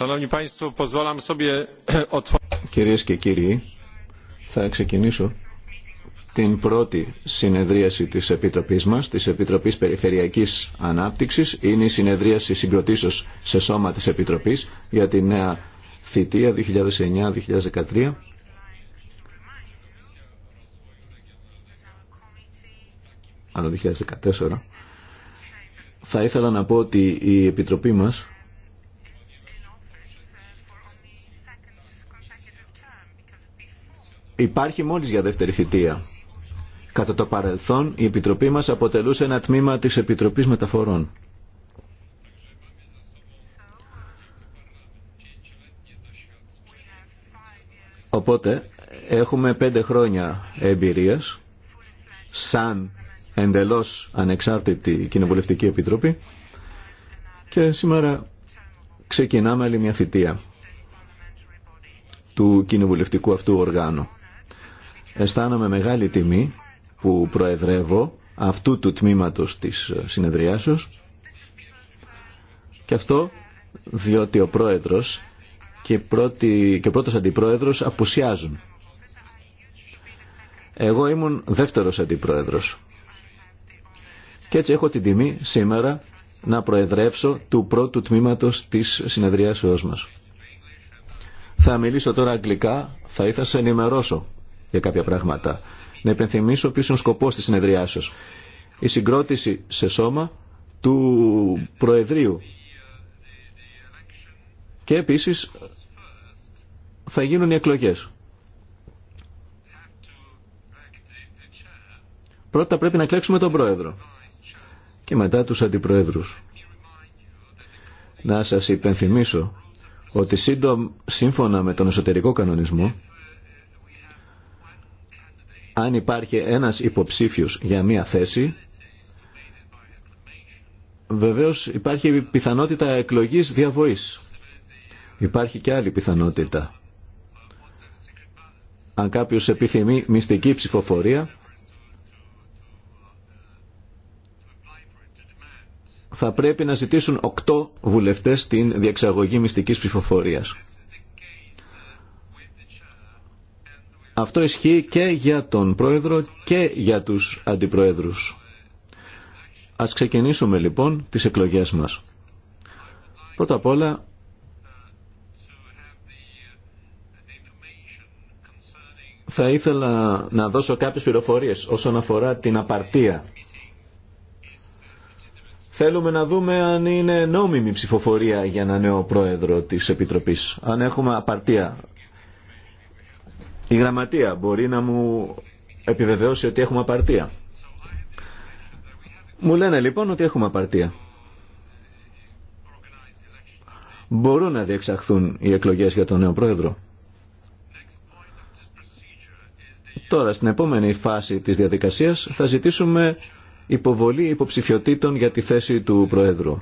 E, Κυρίες και κύριοι, θα ξεκινήσω την πρώτη συνεδρίαση της Επιτροπής μας, της Επιτροπής Περιφερειακής Ανάπτυξης. Είναι η συνεδρίαση συγκροτήσεως σε σώμα της Επιτροπής για τη νέα θητεία 2009-2013. Άλλο 2014. Θα ήθελα να πω ότι η Επιτροπή μας υπάρχει μόλις για δεύτερη θητεία. Κατά το παρελθόν η Επιτροπή μας αποτελούσε ένα τμήμα της Επιτροπής Μεταφορών. Οπότε έχουμε πέντε χρόνια εμπειρίας σαν εντελώς ανεξάρτητη Κοινοβουλευτική Επιτροπή και σήμερα ξεκινάμε άλλη μια θητεία του κοινοβουλευτικού αυτού οργάνου. Αισθάνομαι μεγάλη τιμή που προεδρεύω αυτού του τμήματος της ε, συνεδριάσεως και αυτό διότι ο πρόεδρος και, πρώτη, και ο πρώτος αντιπρόεδρος απουσιάζουν. Εγώ ήμουν δεύτερος αντιπρόεδρος και έτσι έχω την τιμή σήμερα να προεδρεύσω του πρώτου τμήματος της συνεδριάσεώς μας. Θα μιλήσω τώρα αγγλικά, θα ήθελα σε ενημερώσω για κάποια πράγματα. Να υπενθυμίσω ποιο είναι ο σκοπό τη συνεδριάσεω. Η συγκρότηση σε σώμα του Προεδρείου. Και επίση θα γίνουν οι εκλογέ. Πρώτα πρέπει να κλέξουμε τον Πρόεδρο και μετά τους Αντιπροέδρους. Να σας υπενθυμίσω ότι σύντομα, σύμφωνα με τον εσωτερικό κανονισμό αν υπάρχει ένας υποψήφιος για μία θέση, βεβαίως υπάρχει πιθανότητα εκλογής διαβοής. Υπάρχει και άλλη πιθανότητα. Αν κάποιος επιθυμεί μυστική ψηφοφορία, θα πρέπει να ζητήσουν οκτώ βουλευτές την διεξαγωγή μυστικής ψηφοφορίας. Αυτό ισχύει και για τον Πρόεδρο και για τους Αντιπροέδρους. Ας ξεκινήσουμε λοιπόν τις εκλογές μας. Πρώτα απ' όλα θα ήθελα να δώσω κάποιες πληροφορίες όσον αφορά την απαρτία. Θέλουμε να δούμε αν είναι νόμιμη ψηφοφορία για ένα νέο πρόεδρο της Επιτροπής. Αν έχουμε απαρτία η γραμματεία μπορεί να μου επιβεβαιώσει ότι έχουμε απαρτία. Μου λένε λοιπόν ότι έχουμε απαρτία. Μπορούν να διεξαχθούν οι εκλογές για τον νέο πρόεδρο. Τώρα, στην επόμενη φάση της διαδικασίας θα ζητήσουμε υποβολή υποψηφιωτήτων για τη θέση του Προέδρου.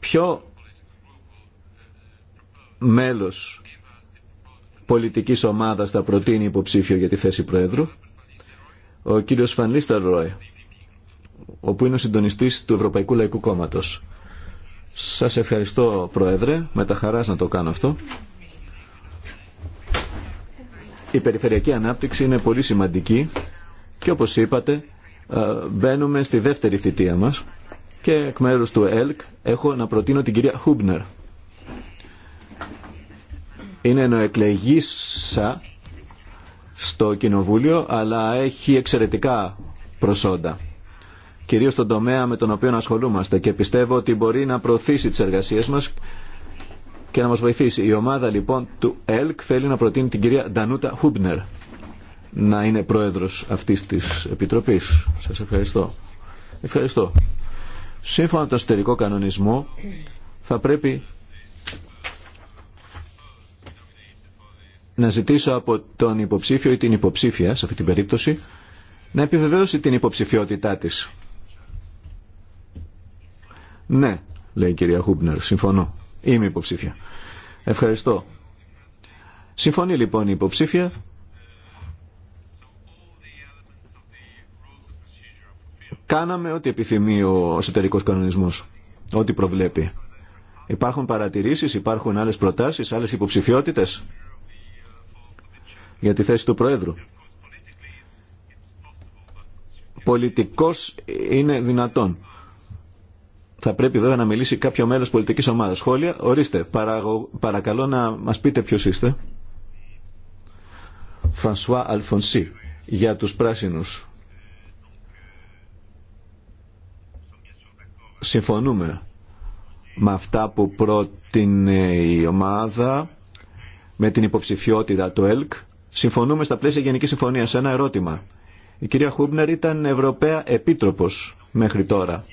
Ποιο μέλος πολιτικής ομάδας θα προτείνει υποψήφιο για τη θέση Προέδρου, ο κύριος Φανλίστερ Ρόε, όπου είναι ο συντονιστής του Ευρωπαϊκού Λαϊκού Κόμματος. Σας ευχαριστώ Προέδρε, με τα χαράς να το κάνω αυτό. Η περιφερειακή ανάπτυξη είναι πολύ σημαντική και όπως είπατε ε, μπαίνουμε στη δεύτερη θητεία μας και εκ μέρους του ΕΛΚ έχω να προτείνω την κυρία Χούμπνερ είναι νοεκλεγήσα στο Κοινοβούλιο, αλλά έχει εξαιρετικά προσόντα. Κυρίως στον τομέα με τον οποίο ασχολούμαστε και πιστεύω ότι μπορεί να προωθήσει τις εργασίες μας και να μας βοηθήσει. Η ομάδα λοιπόν του ΕΛΚ θέλει να προτείνει την κυρία Ντανούτα Χούμπνερ να είναι πρόεδρος αυτής της Επιτροπής. Σας ευχαριστώ. Ευχαριστώ. Σύμφωνα με τον εσωτερικό κανονισμό θα πρέπει να ζητήσω από τον υποψήφιο ή την υποψήφια σε αυτή την περίπτωση να επιβεβαίωσει την υποψηφιότητά της. Ναι, λέει η κυρία Χούμπνερ, συμφωνώ. Είμαι υποψήφια. Ευχαριστώ. Συμφωνεί λοιπόν η υποψήφια. Κάναμε ό,τι επιθυμεί ο εσωτερικό κανονισμό. ό,τι προβλέπει. Υπάρχουν παρατηρήσεις, υπάρχουν άλλε προτάσει, άλλε υποψηφιότητε για τη θέση του Προέδρου. Πολιτικός είναι δυνατόν. Θα πρέπει βέβαια να μιλήσει κάποιο μέλος πολιτικής ομάδας. Σχόλια, ορίστε, παρακαλώ να μας πείτε ποιος είστε. Φρανσουά Αλφονσί, για τους πράσινους. Συμφωνούμε με αυτά που πρότεινε η ομάδα, με την υποψηφιότητα του ΕΛΚ, συμφωνούμε στα πλαίσια Γενική Συμφωνία. Ένα ερώτημα. Η κυρία Χούμπνερ ήταν Ευρωπαία Επίτροπος μέχρι τώρα.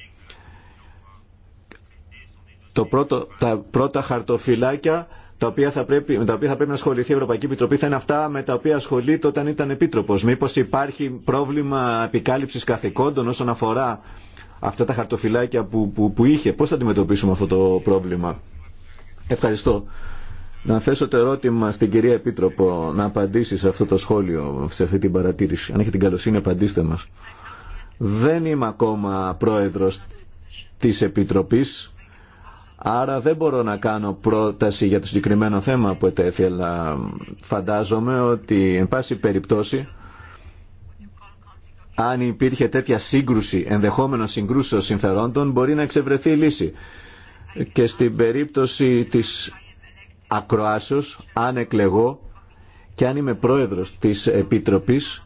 Το πρώτο, τα πρώτα χαρτοφυλάκια τα οποία θα πρέπει, με τα οποία θα πρέπει να ασχοληθεί η Ευρωπαϊκή Επιτροπή θα είναι αυτά με τα οποία ασχολείται όταν ήταν Επίτροπος. Μήπως υπάρχει πρόβλημα επικάλυψης καθηκόντων όσον αφορά αυτά τα χαρτοφυλάκια που, που, που είχε. Πώς θα αντιμετωπίσουμε αυτό το πρόβλημα. Ευχαριστώ. Να θέσω το ερώτημα στην κυρία Επίτροπο να απαντήσει σε αυτό το σχόλιο, σε αυτή την παρατήρηση. Αν έχει την καλοσύνη, απαντήστε μας. Δεν είμαι ακόμα πρόεδρος της Επιτροπής, άρα δεν μπορώ να κάνω πρόταση για το συγκεκριμένο θέμα που ετέθη, αλλά φαντάζομαι ότι, εν πάση περιπτώσει, αν υπήρχε τέτοια σύγκρουση, ενδεχόμενο συγκρούσεως συμφερόντων, μπορεί να εξευρεθεί η λύση. Και στην περίπτωση της ακροάσεως αν εκλεγώ και αν είμαι πρόεδρος της Επίτροπης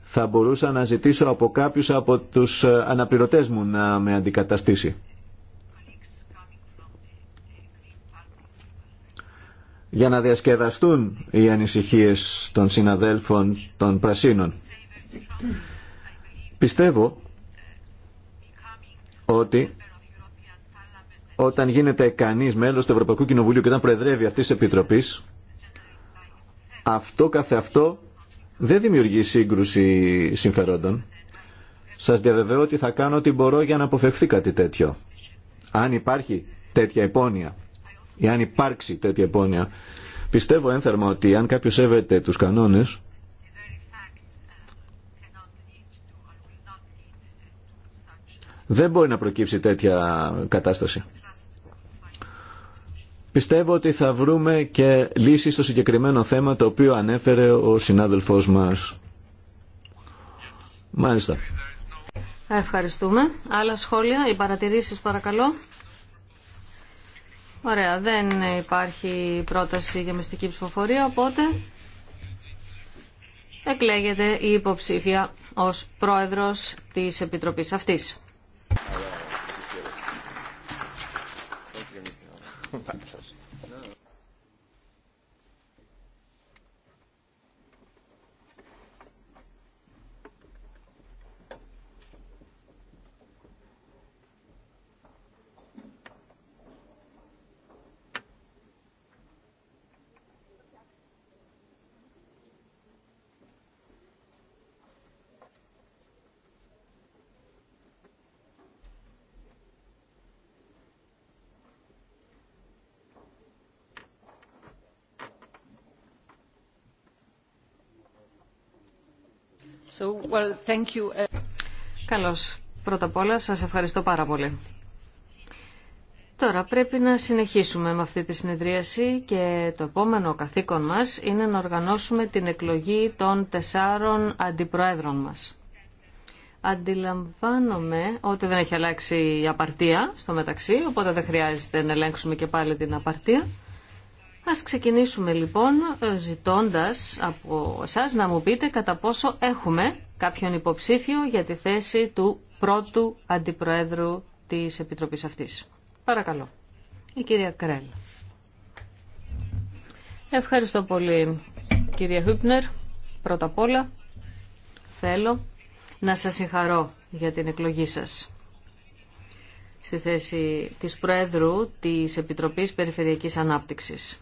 θα μπορούσα να ζητήσω από κάποιους από τους ε, αναπληρωτές μου να με αντικαταστήσει. για να διασκεδαστούν οι ανησυχίες των συναδέλφων των Πρασίνων. Πιστεύω ότι όταν γίνεται κανείς μέλος του Ευρωπαϊκού Κοινοβουλίου και όταν προεδρεύει αυτής της Επιτροπής, αυτό καθε αυτό δεν δημιουργεί σύγκρουση συμφερόντων. Σας διαβεβαιώ ότι θα κάνω ό,τι μπορώ για να αποφευχθεί κάτι τέτοιο. Αν υπάρχει τέτοια υπόνοια ή αν υπάρξει τέτοια υπόνοια, πιστεύω ένθερμα ότι αν κάποιος σέβεται τους κανόνες, δεν μπορεί να προκύψει τέτοια κατάσταση. Πιστεύω ότι θα βρούμε και λύσεις στο συγκεκριμένο θέμα το οποίο ανέφερε ο συνάδελφός μας. Μάλιστα. Ευχαριστούμε. Άλλα σχόλια ή παρατηρήσεις παρακαλώ. Ωραία, δεν υπάρχει πρόταση για μυστική ψηφοφορία, οπότε εκλέγεται η υποψήφια ως πρόεδρος της Επιτροπής αυτής. Uh, Καλώς. Πρώτα απ' όλα σας ευχαριστώ πάρα πολύ. Τώρα πρέπει να συνεχίσουμε με αυτή τη συνεδρίαση και το επόμενο καθήκον μας είναι να οργανώσουμε την εκλογή των τεσσάρων αντιπροέδρων μας. Αντιλαμβάνομαι ότι δεν έχει αλλάξει η απαρτία στο μεταξύ, οπότε δεν χρειάζεται να ελέγξουμε και πάλι την απαρτία. Ας ξεκινήσουμε λοιπόν ε, ζητώντας από εσάς να μου πείτε κατά πόσο έχουμε κάποιον υποψήφιο για τη θέση του πρώτου αντιπροέδρου της Επιτροπής αυτής. Παρακαλώ. Η κυρία Κρέλ. Ευχαριστώ πολύ κυρία Χούπνερ. Πρώτα απ' όλα θέλω να σας συγχαρώ για την εκλογή σας στη θέση της Προέδρου της Επιτροπής Περιφερειακής Ανάπτυξης.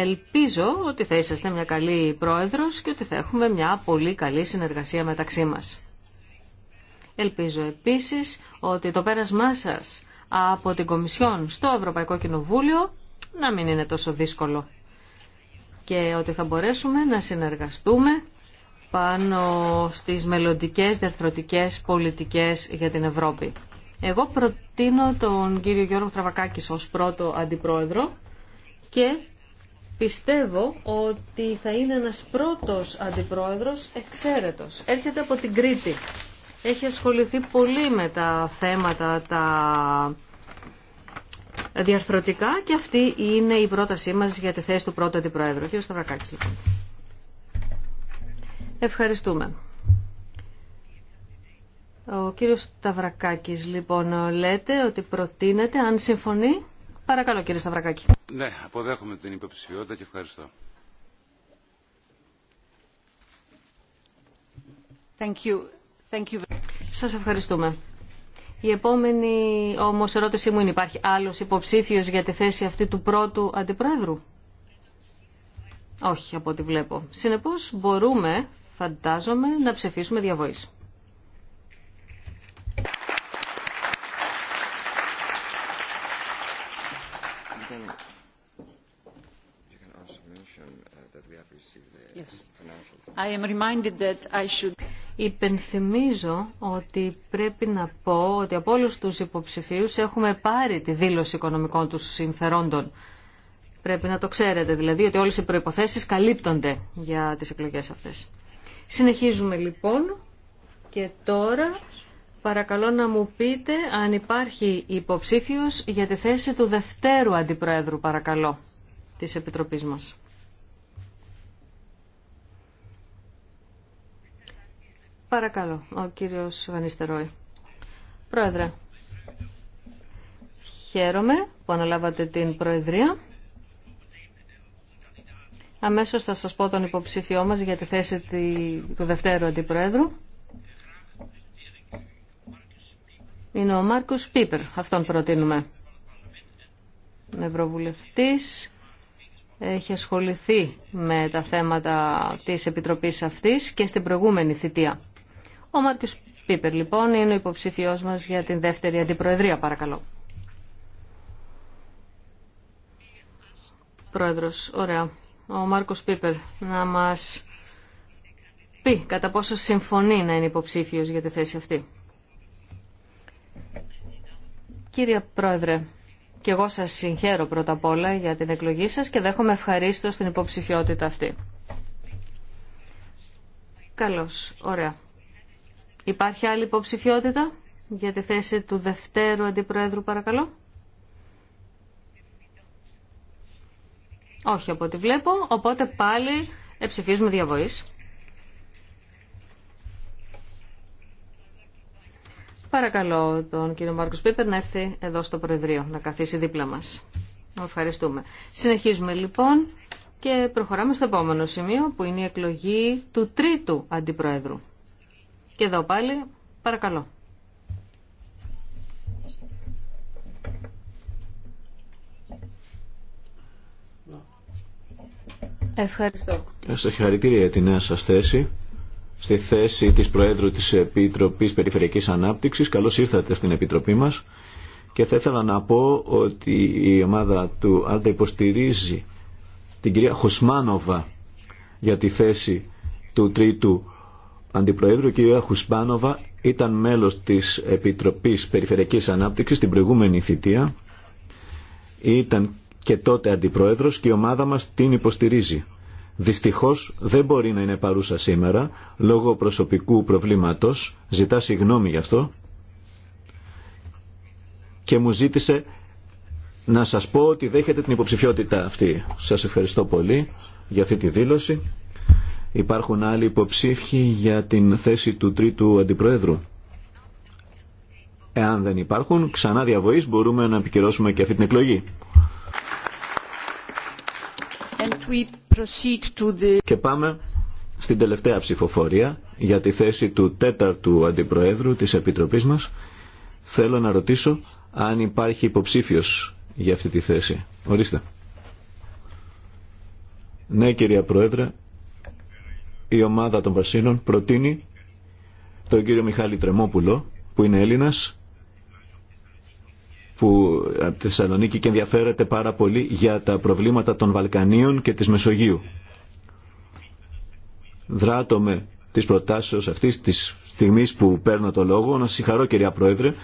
Ελπίζω ότι θα είσαστε μια καλή πρόεδρος και ότι θα έχουμε μια πολύ καλή συνεργασία μεταξύ μας. Ελπίζω επίσης ότι το πέρασμά σας από την Κομισιόν στο Ευρωπαϊκό Κοινοβούλιο να μην είναι τόσο δύσκολο και ότι θα μπορέσουμε να συνεργαστούμε πάνω στις μελλοντικές διαρθρωτικές πολιτικές για την Ευρώπη. Εγώ προτείνω τον κύριο Γιώργο Τραβακάκη ως πρώτο αντιπρόεδρο και Πιστεύω ότι θα είναι ένας πρώτος αντιπρόεδρος εξαίρετος. Έρχεται από την Κρήτη. Έχει ασχοληθεί πολύ με τα θέματα τα διαρθρωτικά και αυτή είναι η πρότασή μας για τη θέση του πρώτου αντιπρόεδρου. Κύριο Σταυρακάκης, λοιπόν. Ευχαριστούμε. Ο κύριος Σταυρακάκης, λοιπόν, λέτε ότι προτείνεται, αν συμφωνεί, Παρακαλώ κύριε Σταυρακάκη. Ναι, αποδέχομαι την υποψηφιότητα και ευχαριστώ. Thank you. Thank you. Σας ευχαριστούμε. Η επόμενη όμως ερώτησή μου είναι υπάρχει άλλος υποψήφιος για τη θέση αυτή του πρώτου αντιπρόεδρου. Όχι από ό,τι βλέπω. Συνεπώς μπορούμε, φαντάζομαι, να ψηφίσουμε διαβοήση. Υπενθυμίζω ότι πρέπει να πω ότι από όλους τους υποψηφίους έχουμε πάρει τη δήλωση οικονομικών τους συμφερόντων. Πρέπει να το ξέρετε δηλαδή ότι όλες οι προϋποθέσεις καλύπτονται για τις εκλογές αυτές. Συνεχίζουμε λοιπόν και τώρα Παρακαλώ να μου πείτε αν υπάρχει υποψήφιος για τη θέση του δευτέρου αντιπρόεδρου, παρακαλώ, της Επιτροπής μας. Παρακαλώ, ο κύριος Βανιστερόη. Πρόεδρε, χαίρομαι που αναλάβατε την Προεδρία. Αμέσως θα σας πω τον υποψήφιό μας για τη θέση του δευτέρου αντιπρόεδρου. είναι ο Μάρκος Πίπερ. Αυτόν προτείνουμε. Ευρωβουλευτής έχει ασχοληθεί με τα θέματα της Επιτροπής αυτής και στην προηγούμενη θητεία. Ο Μάρκος Πίπερ λοιπόν είναι ο υποψηφιός μας για την δεύτερη αντιπροεδρία παρακαλώ. Πρόεδρος, ωραία. Ο Μάρκος Πίπερ να μας πει κατά πόσο συμφωνεί να είναι υποψήφιος για τη θέση αυτή. Κύριε Πρόεδρε, και εγώ σας συγχαίρω πρώτα απ' όλα για την εκλογή σας και δέχομαι ευχαρίστω την υποψηφιότητα αυτή. Καλώς, ωραία. Υπάρχει άλλη υποψηφιότητα για τη θέση του Δευτέρου Αντιπροέδρου, παρακαλώ. Όχι από ό,τι βλέπω, οπότε πάλι εψηφίζουμε διαβοής. Παρακαλώ τον κύριο Μάρκο Πίπερ να έρθει εδώ στο Προεδρείο, να καθίσει δίπλα μα. Ευχαριστούμε. Συνεχίζουμε λοιπόν και προχωράμε στο επόμενο σημείο που είναι η εκλογή του τρίτου αντιπροέδρου. Και εδώ πάλι, παρακαλώ. Ευχαριστώ. Στα χαρητήρια για τη νέα σας θέση στη θέση της Προέδρου της Επιτροπής Περιφερειακής Ανάπτυξης. Καλώς ήρθατε στην Επιτροπή μας και θα ήθελα να πω ότι η ομάδα του Άλτα υποστηρίζει την κυρία Χουσμάνοβα για τη θέση του τρίτου αντιπροέδρου. Η κυρία Χουσμάνοβα ήταν μέλος της Επιτροπής Περιφερειακής Ανάπτυξης την προηγούμενη θητεία. Ήταν και τότε αντιπρόεδρος και η ομάδα μας την υποστηρίζει δυστυχώς δεν μπορεί να είναι παρούσα σήμερα λόγω προσωπικού προβλήματος, ζητά συγγνώμη γι' αυτό και μου ζήτησε να σας πω ότι δέχεται την υποψηφιότητα αυτή. Σας ευχαριστώ πολύ για αυτή τη δήλωση. Υπάρχουν άλλοι υποψήφοι για την θέση του τρίτου αντιπροέδρου. Εάν δεν υπάρχουν, ξανά διαβοής μπορούμε να επικυρώσουμε και αυτή την εκλογή. Και πάμε στην τελευταία ψηφοφορία για τη θέση του τέταρτου αντιπροέδρου της Επιτροπής μας. Θέλω να ρωτήσω αν υπάρχει υποψήφιος για αυτή τη θέση. Ορίστε. Ναι, κυρία Πρόεδρε, η ομάδα των Βασίνων προτείνει τον κύριο Μιχάλη Τρεμόπουλο, που είναι Έλληνας, που από τη Θεσσαλονίκη και ενδιαφέρεται πάρα πολύ για τα προβλήματα των Βαλκανίων και της Μεσογείου. Δράτω με της προτάσεως αυτής της στιγμής που παίρνω το λόγο να συγχαρώ κυρία Πρόεδρε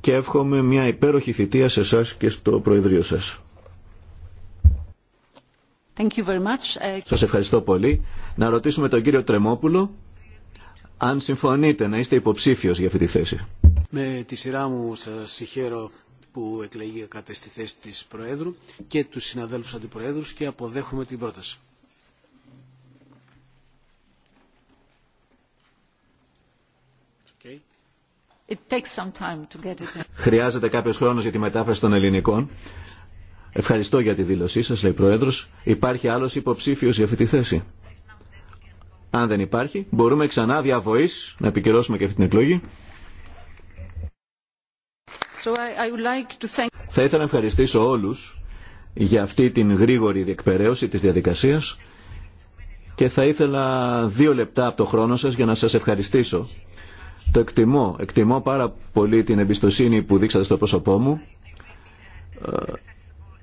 και εύχομαι μια υπέροχη θητεία σε εσά και στο Προεδρείο σας. Thank ε, Σας ευχαριστώ πολύ. Να ρωτήσουμε τον κύριο Τρεμόπουλο αν συμφωνείτε να είστε υποψήφιος για αυτή τη θέση. Με τη σειρά μου σας συγχαίρω που εκλεγήκατε στη θέση της Προέδρου και του συναδέλφους αντιπροέδρους και αποδέχομαι την πρόταση. It takes some time to get it. Χρειάζεται κάποιος χρόνος για τη μετάφραση των ελληνικών. Ευχαριστώ για τη δήλωσή σας, λέει Πρόεδρος. Υπάρχει άλλος υποψήφιος για αυτή τη θέση. Αν δεν υπάρχει, μπορούμε ξανά διαβοή, να επικυρώσουμε και αυτή την εκλογή. Θα ήθελα να ευχαριστήσω όλους για αυτή την γρήγορη διεκπαιρέωση της διαδικασίας και θα ήθελα δύο λεπτά από το χρόνο σας για να σας ευχαριστήσω. Το εκτιμώ. Εκτιμώ πάρα πολύ την εμπιστοσύνη που δείξατε στο πρόσωπό μου. Ε,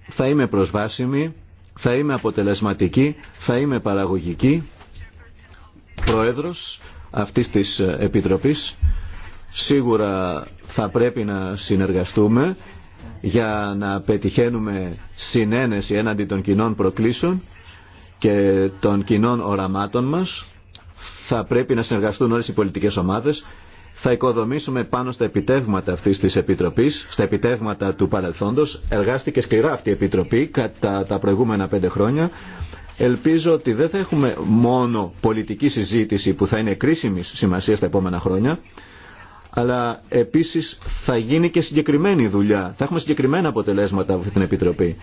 θα είμαι προσβάσιμη, θα είμαι αποτελεσματική, θα είμαι παραγωγική πρόεδρος αυτής της Επιτροπής. Σίγουρα θα πρέπει να συνεργαστούμε για να πετυχαίνουμε συνένεση έναντι των κοινών προκλήσεων και των κοινών οραμάτων μας. Θα πρέπει να συνεργαστούν όλες οι πολιτικές ομάδες. Θα οικοδομήσουμε πάνω στα επιτεύγματα αυτής της Επιτροπής, στα επιτεύγματα του παρελθόντος. Εργάστηκε σκληρά αυτή η Επιτροπή κατά τα προηγούμενα πέντε χρόνια. Ελπίζω ότι δεν θα έχουμε μόνο πολιτική συζήτηση που θα είναι κρίσιμη σημασία στα επόμενα χρόνια, αλλά επίσης θα γίνει και συγκεκριμένη δουλειά. Θα έχουμε συγκεκριμένα αποτελέσματα από αυτή την Επιτροπή.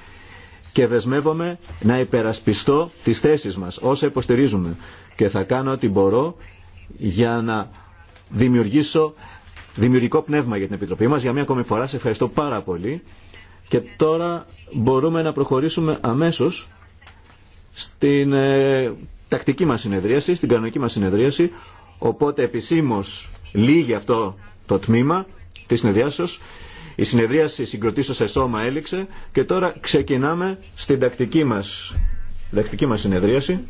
Και δεσμεύομαι να υπερασπιστώ τις θέσεις μας, όσα υποστηρίζουμε. Και θα κάνω ό,τι μπορώ για να δημιουργήσω δημιουργικό πνεύμα για την Επιτροπή μας. Για μία ακόμη φορά σε ευχαριστώ πάρα πολύ. Και τώρα μπορούμε να προχωρήσουμε αμέσως στην ε, τακτική μας συνεδρίαση, στην κανονική μας συνεδρίαση, οπότε επισήμως λύγει αυτό το τμήμα της συνεδριάσεως. Η συνεδρίαση συγκροτήσω σε σώμα έληξε και τώρα ξεκινάμε στην τακτική μας, τακτική μας συνεδρίαση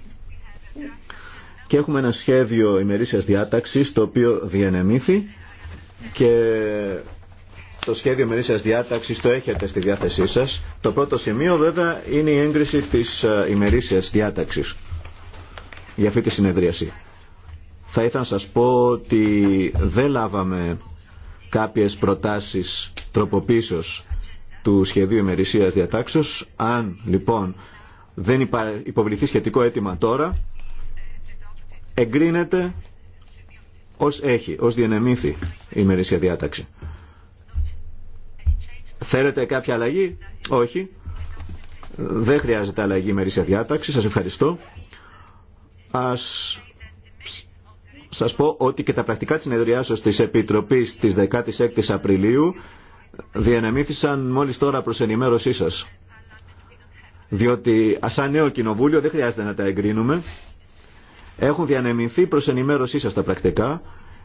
και έχουμε ένα σχέδιο ημερήσιας διάταξης το οποίο διανεμήθη και το σχέδιο μερίσιας διάταξης το έχετε στη διάθεσή σας. Το πρώτο σημείο βέβαια είναι η έγκριση της ε, ημερήσιας διάταξης για αυτή τη συνεδρίαση. Θα ήθελα να σας πω ότι δεν λάβαμε κάποιες προτάσεις τροποποίησεως του σχεδίου ημερησίας διατάξεως. Αν λοιπόν δεν υποβληθεί σχετικό αίτημα τώρα, εγκρίνεται ως έχει, ως διενεμήθη η ημερησία διάταξη. Θέλετε κάποια αλλαγή? Όχι. Δεν χρειάζεται αλλαγή μερίσια διάταξη. Σας ευχαριστώ. Ας σας πω ότι και τα πρακτικά της συνεδριάσεως της Επιτροπής της 16ης Απριλίου διανεμήθησαν μόλις τώρα προς ενημέρωσή σας. Διότι σαν νέο κοινοβούλιο δεν χρειάζεται να τα εγκρίνουμε. Έχουν διανεμηθεί προς ενημέρωσή σας τα πρακτικά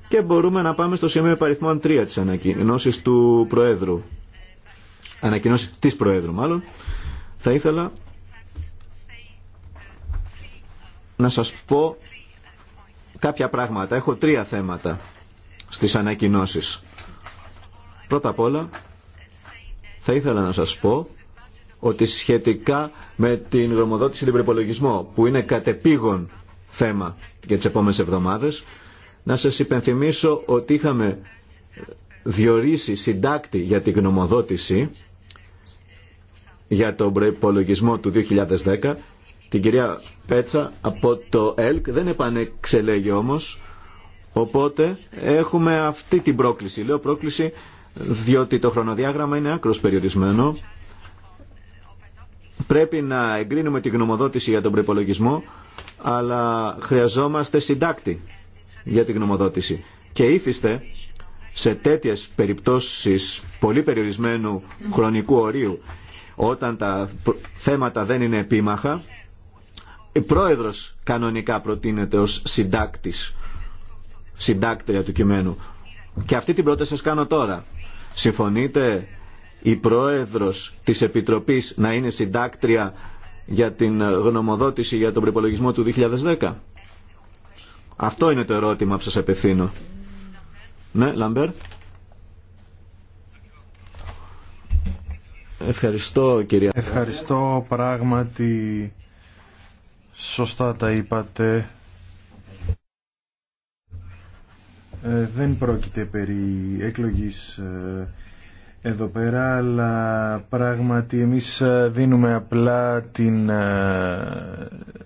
και μπορούμε να πάμε στο σημείο παριθμών 3 της ανακοινώσης του Προέδρου. Ανακοινώσει της Προέδρου μάλλον, θα ήθελα να σας πω κάποια πράγματα. Έχω τρία θέματα στις ανακοινώσεις. Πρώτα απ' όλα θα ήθελα να σας πω ότι σχετικά με την γνωμοδότηση του προπολογισμού, που είναι κατεπήγον θέμα για τις επόμενες εβδομάδες να σας υπενθυμίσω ότι είχαμε διορίσει συντάκτη για την γνωμοδότηση για τον προπολογισμό του 2010. Την κυρία Πέτσα από το ΕΛΚ δεν επανεξελέγει όμως, οπότε έχουμε αυτή την πρόκληση. Λέω πρόκληση διότι το χρονοδιάγραμμα είναι άκρος περιορισμένο. Πρέπει να εγκρίνουμε τη γνωμοδότηση για τον προπολογισμό, αλλά χρειαζόμαστε συντάκτη για τη γνωμοδότηση. Και ήθιστε σε τέτοιες περιπτώσεις πολύ περιορισμένου χρονικού ορίου όταν τα θέματα δεν είναι επίμαχα, η πρόεδρος κανονικά προτείνεται ως συντάκτης, συντάκτρια του κειμένου. Και αυτή την πρόταση σας κάνω τώρα. Συμφωνείτε η πρόεδρος της Επιτροπής να είναι συντάκτρια για την γνωμοδότηση για τον προπολογισμό του 2010. Αυτό είναι το ερώτημα που σας απευθύνω. Ναι, Λαμπέρ. Ευχαριστώ κυρία. Ευχαριστώ πράγματι. Σωστά τα είπατε. Ε, δεν πρόκειται περί εκλογής ε, εδώ πέρα, αλλά πράγματι εμείς ε, δίνουμε απλά την ε,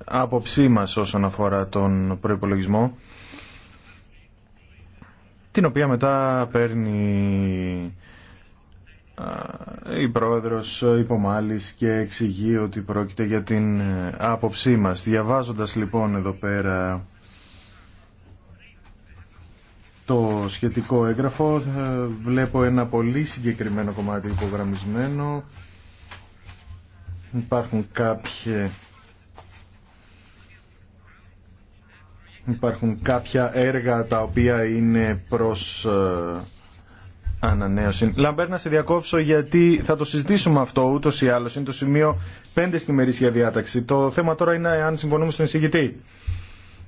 άποψή μας όσον αφορά τον προϋπολογισμό, την οποία μετά παίρνει η πρόεδρος υπομάλης και εξηγεί ότι πρόκειται για την ε, άποψή μας. Διαβάζοντας λοιπόν εδώ πέρα το σχετικό έγγραφο ε, βλέπω ένα πολύ συγκεκριμένο κομμάτι υπογραμμισμένο. Υπάρχουν κάποια Υπάρχουν κάποια έργα τα οποία είναι προς ε, ανανέωση. Λαμπέρ, να σε διακόψω γιατί θα το συζητήσουμε αυτό ούτω ή άλλω. Είναι το σημείο 5 στη μερίσια διάταξη. Το θέμα τώρα είναι αν συμφωνούμε στον εισηγητή.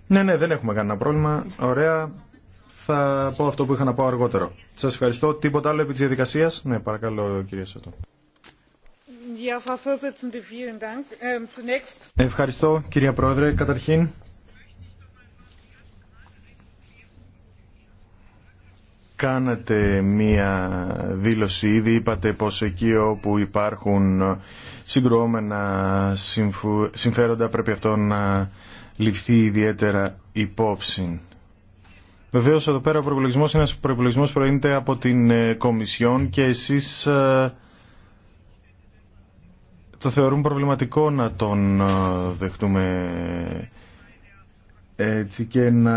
Ναι, ναι, δεν έχουμε κανένα πρόβλημα. Ωραία. Θα πω αυτό που είχα να πω αργότερο. Σα ευχαριστώ. Τίποτα άλλο επί τη διαδικασία. Ναι, παρακαλώ, κυρία Σωτό. Ähm, ευχαριστώ, κυρία Πρόεδρε. Καταρχήν, κάνατε μία δήλωση ήδη, είπατε πως εκεί όπου υπάρχουν συγκροώμενα συμφέροντα πρέπει αυτό να ληφθεί ιδιαίτερα υπόψη. Βεβαίως εδώ πέρα ο προπολογισμός είναι ένας προπολογισμός που από την ε, Κομισιόν και εσείς ε, το θεωρούν προβληματικό να τον ε, δεχτούμε έτσι και να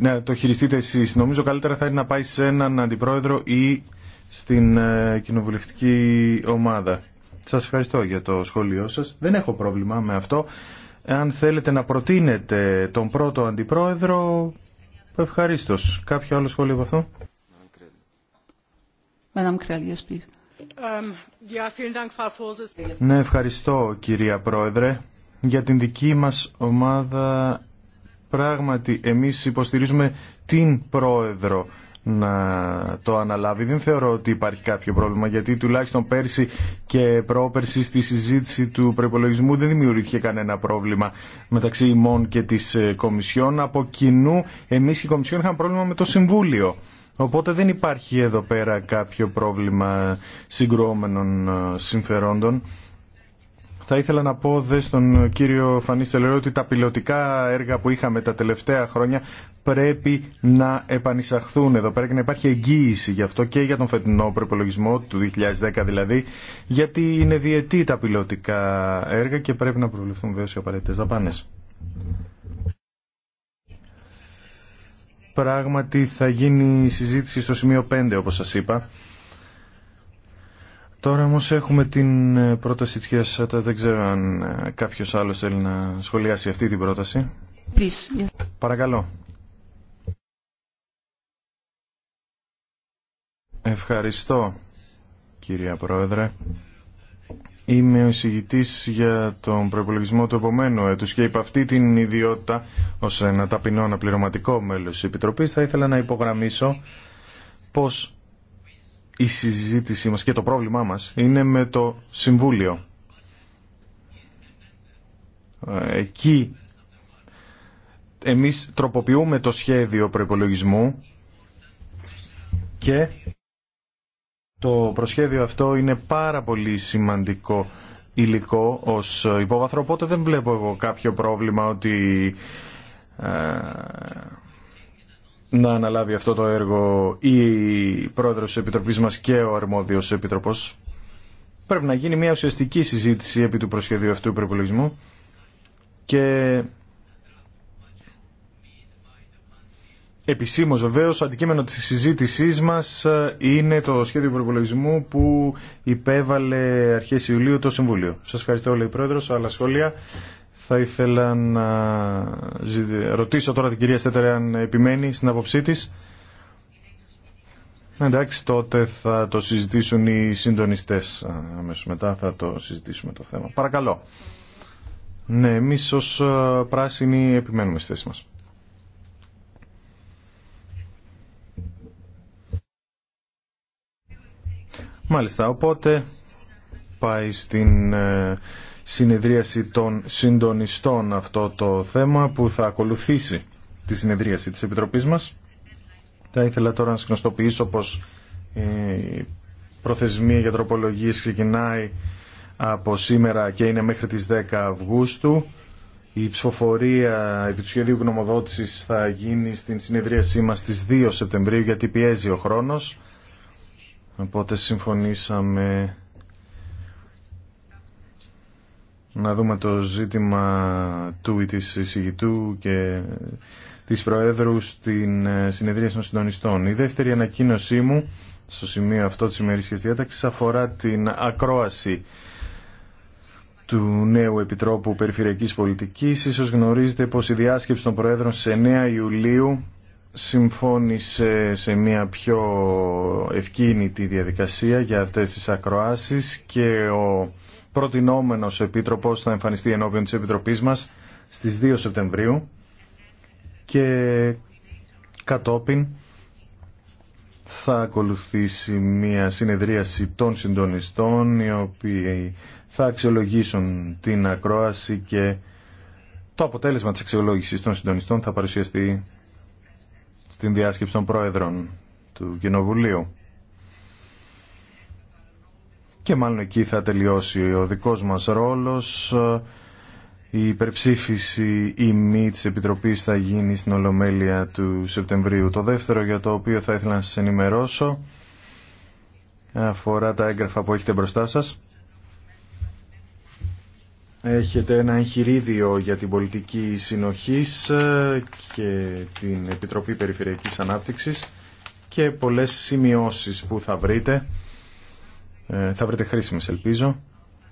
Ναι, το χειριστείτε εσείς. Νομίζω καλύτερα θα είναι να πάει σε έναν αντιπρόεδρο ή στην ε, κοινοβουλευτική ομάδα. Σας ευχαριστώ για το σχόλιο σας. Δεν έχω πρόβλημα με αυτό. Αν θέλετε να προτείνετε τον πρώτο αντιπρόεδρο, ευχαρίστω. Κάποιο άλλο σχόλιο από αυτό. Um, ναι, ευχαριστώ κυρία Πρόεδρε για την δική μας ομάδα πράγματι εμείς υποστηρίζουμε την πρόεδρο να το αναλάβει. Δεν θεωρώ ότι υπάρχει κάποιο πρόβλημα γιατί τουλάχιστον πέρσι και πρόπερσι στη συζήτηση του προπολογισμού δεν δημιουργήθηκε κανένα πρόβλημα μεταξύ ημών και της ε, Κομισιόν. Από κοινού εμείς και η Κομισιόν είχαμε πρόβλημα με το Συμβούλιο. Οπότε δεν υπάρχει εδώ πέρα κάποιο πρόβλημα συγκρόμενων ε, συμφερόντων. Θα ήθελα να πω δε στον κύριο Στελερό ότι τα πιλωτικά έργα που είχαμε τα τελευταία χρόνια πρέπει να επανεισαχθούν εδώ πέρα να υπάρχει εγγύηση γι' αυτό και για τον φετινό προπολογισμό του 2010 δηλαδή, γιατί είναι διετή τα πιλωτικά έργα και πρέπει να προβληθούν βέβαια οι απαραίτητε δαπάνε. Πράγματι θα γίνει συζήτηση στο σημείο 5 όπως σας είπα Τώρα όμω έχουμε την ε, πρόταση τη κυρία Δεν ξέρω αν ε, κάποιο άλλο θέλει να σχολιάσει αυτή την πρόταση. Please. Παρακαλώ. Ευχαριστώ, κυρία Πρόεδρε. Είμαι ο εισηγητή για τον προπολογισμό του επομένου έτου και υπ' αυτή την ιδιότητα ως ένα ταπεινό αναπληρωματικό μέλος τη Επιτροπή. θα ήθελα να υπογραμμίσω πώ η συζήτησή μας και το πρόβλημά μας είναι με το Συμβούλιο. Ε, εκεί εμείς τροποποιούμε το σχέδιο προϋπολογισμού και το προσχέδιο αυτό είναι πάρα πολύ σημαντικό υλικό ως υπόβαθρο, οπότε δεν βλέπω εγώ κάποιο πρόβλημα ότι ε, να αναλάβει αυτό το έργο η πρόεδρος τη Επιτροπής μας και ο αρμόδιος Επιτροπός. Πρέπει να γίνει μια ουσιαστική συζήτηση επί του προσχεδίου αυτού του υπερπολογισμού και Επισήμω βεβαίω, αντικείμενο τη συζήτησή μα είναι το σχέδιο προπολογισμού που υπέβαλε αρχέ Ιουλίου το Συμβούλιο. Σα ευχαριστώ, λέει Πρόεδρο. Άλλα σχόλια. Θα ήθελα να ρωτήσω τώρα την κυρία Στέτερα αν επιμένει στην άποψή της. Ναι, εντάξει, τότε θα το συζητήσουν οι συντονιστές. Αμέσως μετά θα το συζητήσουμε το θέμα. Παρακαλώ. Ναι, εμείς ως πράσινοι επιμένουμε στη θέση μας. Μάλιστα, οπότε πάει στην ε, συνεδρίαση των συντονιστών αυτό το θέμα που θα ακολουθήσει τη συνεδρίαση της Επιτροπής μας. Θα ήθελα τώρα να συγνωστοποιήσω πως ε, η προθεσμία για τροπολογίες ξεκινάει από σήμερα και είναι μέχρι τις 10 Αυγούστου. Η ψηφοφορία επί του σχεδίου γνωμοδότησης θα γίνει στην συνεδρίασή μας στις 2 Σεπτεμβρίου γιατί πιέζει ο χρόνος. Οπότε συμφωνήσαμε να δούμε το ζήτημα του ή της εισηγητού και της Προέδρου στην ε, συνεδρία των συντονιστών. Η δεύτερη ανακοίνωσή μου στο σημείο αυτό της ημερήσιας διάταξης αφορά την ακρόαση του νέου Επιτρόπου Περιφερειακής Πολιτικής. Ίσως γνωρίζετε πως η διάσκεψη των Προέδρων σε 9 Ιουλίου συμφώνησε σε μια πιο ευκίνητη διαδικασία για αυτές τις ακροάσεις και ο προτινόμενος επίτροπος θα εμφανιστεί ενώπιον της Επιτροπής μας στις 2 Σεπτεμβρίου και κατόπιν θα ακολουθήσει μια συνεδρίαση των συντονιστών οι οποίοι θα αξιολογήσουν την ακρόαση και το αποτέλεσμα της αξιολόγησης των συντονιστών θα παρουσιαστεί στην διάσκεψη των πρόεδρων του Κοινοβουλίου και μάλλον εκεί θα τελειώσει ο δικός μας ρόλος. Η υπερψήφιση ή μη της Επιτροπής θα γίνει στην Ολομέλεια του Σεπτεμβρίου. Το δεύτερο για το οποίο θα ήθελα να σας ενημερώσω αφορά τα έγγραφα που έχετε μπροστά σας. Έχετε ένα εγχειρίδιο για την πολιτική συνοχής και την Επιτροπή Περιφερειακής Ανάπτυξης και πολλές σημειώσεις που θα βρείτε ε, θα βρείτε χρήσιμες ελπίζω.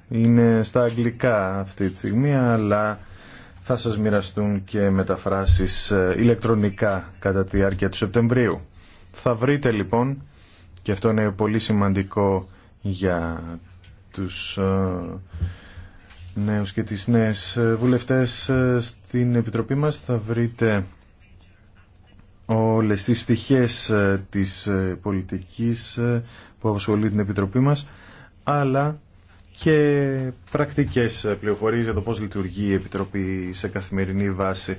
Είναι στα αγγλικά αυτή τη στιγμή, αλλά θα σας μοιραστούν και μεταφράσεις ε, ηλεκτρονικά κατά τη διάρκεια του Σεπτεμβρίου. Θα βρείτε λοιπόν, και αυτό είναι πολύ σημαντικό για τους ε, νέους και τις νέες βουλευτές στην Επιτροπή μας, θα βρείτε όλες τις πτυχές της πολιτικής που απασχολεί την Επιτροπή μας, αλλά και πρακτικές πληροφορίες για το πώς λειτουργεί η Επιτροπή σε καθημερινή βάση.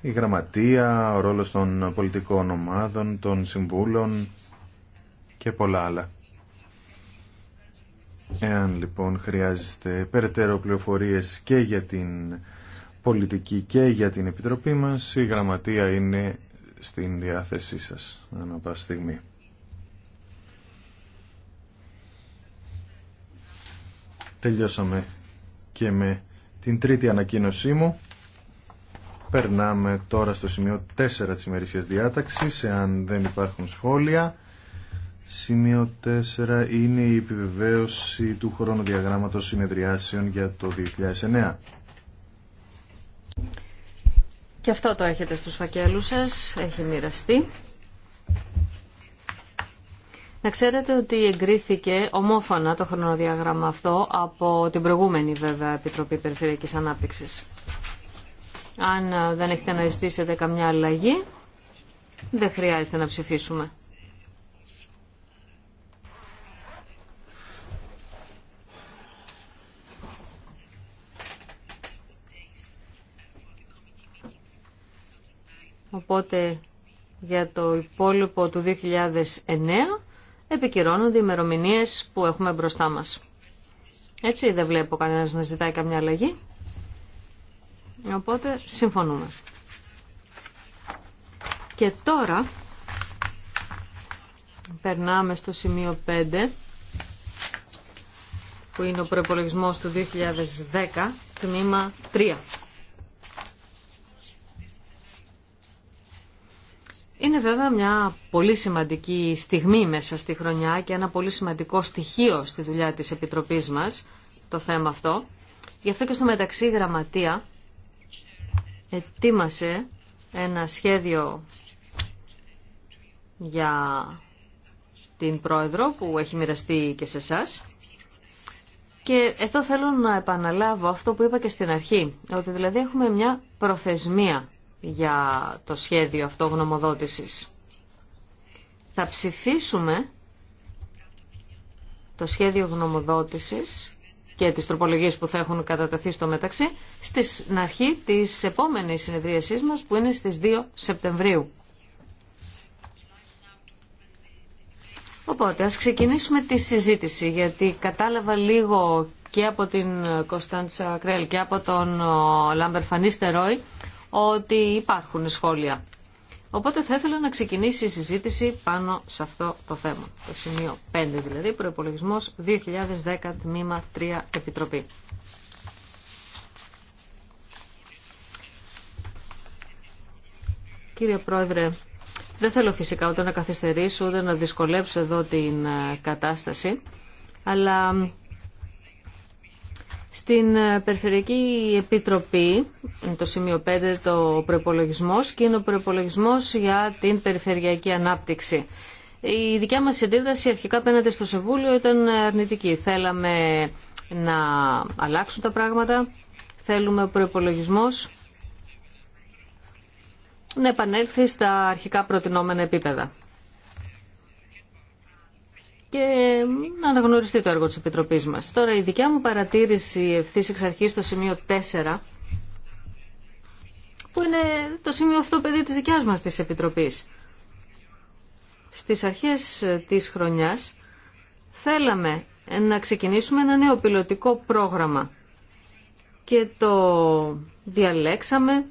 Η γραμματεία, ο ρόλος των πολιτικών ομάδων, των συμβούλων και πολλά άλλα. Εάν λοιπόν χρειάζεστε περαιτέρω πληροφορίες και για την πολιτική και για την Επιτροπή μας, η γραμματεία είναι στην διάθεσή σας ανά τελειώσαμε και με την τρίτη ανακοίνωσή μου. Περνάμε τώρα στο σημείο 4 της ημερησίας διάταξης, εάν δεν υπάρχουν σχόλια. Σημείο 4 είναι η επιβεβαίωση του χρόνου χρονοδιαγράμματος συνεδριάσεων για το 2009. Και αυτό το έχετε στους φακέλους σας, έχει μοιραστεί. Να ξέρετε ότι εγκρίθηκε ομόφωνα το χρονοδιάγραμμα αυτό από την προηγούμενη βέβαια Επιτροπή Περιφερειακής Ανάπτυξης. Αν ε, δεν έχετε να ζητήσετε καμιά αλλαγή, δεν χρειάζεται να ψηφίσουμε. Οπότε για το υπόλοιπο του 2009 επικυρώνονται οι ημερομηνίε που έχουμε μπροστά μας. Έτσι δεν βλέπω κανένα να ζητάει καμιά αλλαγή. Οπότε συμφωνούμε. Και τώρα περνάμε στο σημείο 5 που είναι ο προπολογισμό του 2010, τμήμα 3. Είναι βέβαια μια πολύ σημαντική στιγμή μέσα στη χρονιά και ένα πολύ σημαντικό στοιχείο στη δουλειά της Επιτροπής μας, το θέμα αυτό. Γι' αυτό και στο μεταξύ η Γραμματεία ετοίμασε ένα σχέδιο για την Πρόεδρο που έχει μοιραστεί και σε εσά. Και εδώ θέλω να επαναλάβω αυτό που είπα και στην αρχή, ότι δηλαδή έχουμε μια προθεσμία για το σχέδιο αυτό γνωμοδότησης. Θα ψηφίσουμε το σχέδιο γνωμοδότησης και τις τροπολογίες που θα έχουν κατατεθεί στο μεταξύ στην αρχή της επόμενης συνεδρίασής μας που είναι στις 2 Σεπτεμβρίου. Οπότε ας ξεκινήσουμε τη συζήτηση γιατί κατάλαβα λίγο και από την Κωνσταντσα Κρέλ και από τον Λάμπερ Ρόι ότι υπάρχουν σχόλια. Οπότε θα ήθελα να ξεκινήσει η συζήτηση πάνω σε αυτό το θέμα. Το σημείο 5 δηλαδή, προπολογισμό 2010 τμήμα 3 Επιτροπή. Κύριε Πρόεδρε, δεν θέλω φυσικά ούτε να καθυστερήσω ούτε να δυσκολέψω εδώ την ε, κατάσταση, αλλά στην ε, Περιφερειακή Επιτροπή, το σημείο 5, το προπολογισμό και είναι ο προπολογισμό για την περιφερειακή ανάπτυξη. Η δικιά μας αντίδραση αρχικά απέναντι στο Σεβούλιο ήταν αρνητική. Θέλαμε να αλλάξουν τα πράγματα, θέλουμε ο προπολογισμό να επανέλθει στα αρχικά προτινόμενα επίπεδα και να αναγνωριστεί το έργο της Επιτροπής μας. Τώρα η δικιά μου παρατήρηση ευθύ εξ αρχής στο σημείο 4 που είναι το σημείο αυτό παιδί της δικιάς μας της Επιτροπής. Στις αρχές της χρονιάς θέλαμε να ξεκινήσουμε ένα νέο πιλωτικό πρόγραμμα και το διαλέξαμε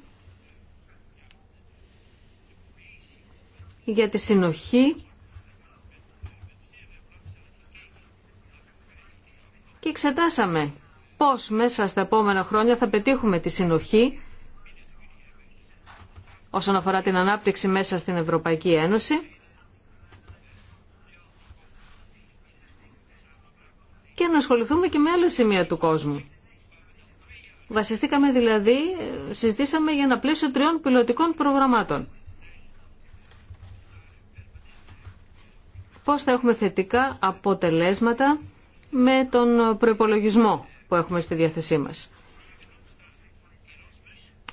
για τη συνοχή και εξετάσαμε πώς μέσα στα επόμενα χρόνια θα πετύχουμε τη συνοχή όσον αφορά την ανάπτυξη μέσα στην Ευρωπαϊκή Ένωση και να ασχοληθούμε και με άλλα σημεία του κόσμου. Βασιστήκαμε δηλαδή, συζητήσαμε για ένα πλαίσιο τριών πιλωτικών προγραμμάτων. Πώς θα έχουμε θετικά αποτελέσματα με τον προπολογισμό που έχουμε στη διάθεσή μας.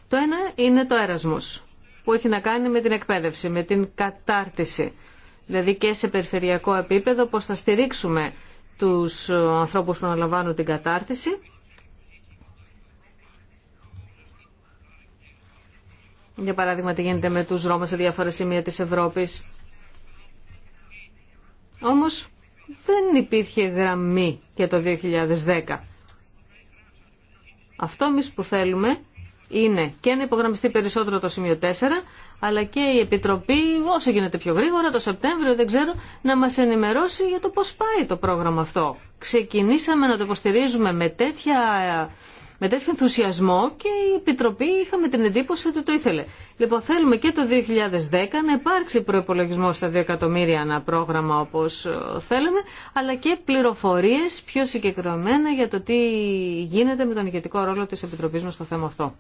Το ένα είναι το έρασμος που έχει να κάνει με την εκπαίδευση, με την κατάρτιση. Δηλαδή και σε περιφερειακό επίπεδο πώς θα στηρίξουμε τους ανθρώπους που αναλαμβάνουν την κατάρτιση Για παράδειγμα, τι γίνεται με τους Ρώμα σε διάφορα σημεία της Ευρώπης. Όμως, δεν υπήρχε γραμμή για το 2010. Αυτό εμεί που θέλουμε είναι και να υπογραμμιστεί περισσότερο το σημείο 4, αλλά και η Επιτροπή, όσο γίνεται πιο γρήγορα, το Σεπτέμβριο, δεν ξέρω, να μας ενημερώσει για το πώς πάει το πρόγραμμα αυτό. Ξεκινήσαμε να το υποστηρίζουμε με τέτοια με τέτοιο ενθουσιασμό και η Επιτροπή είχαμε την εντύπωση ότι το ήθελε. Λοιπόν, θέλουμε και το 2010 να υπάρξει προπολογισμό στα 2 εκατομμύρια ένα πρόγραμμα όπω ε, θέλαμε, αλλά και πληροφορίε πιο συγκεκριμένα για το τι γίνεται με τον ηγετικό ρόλο τη Επιτροπή μα στο θέμα αυτό.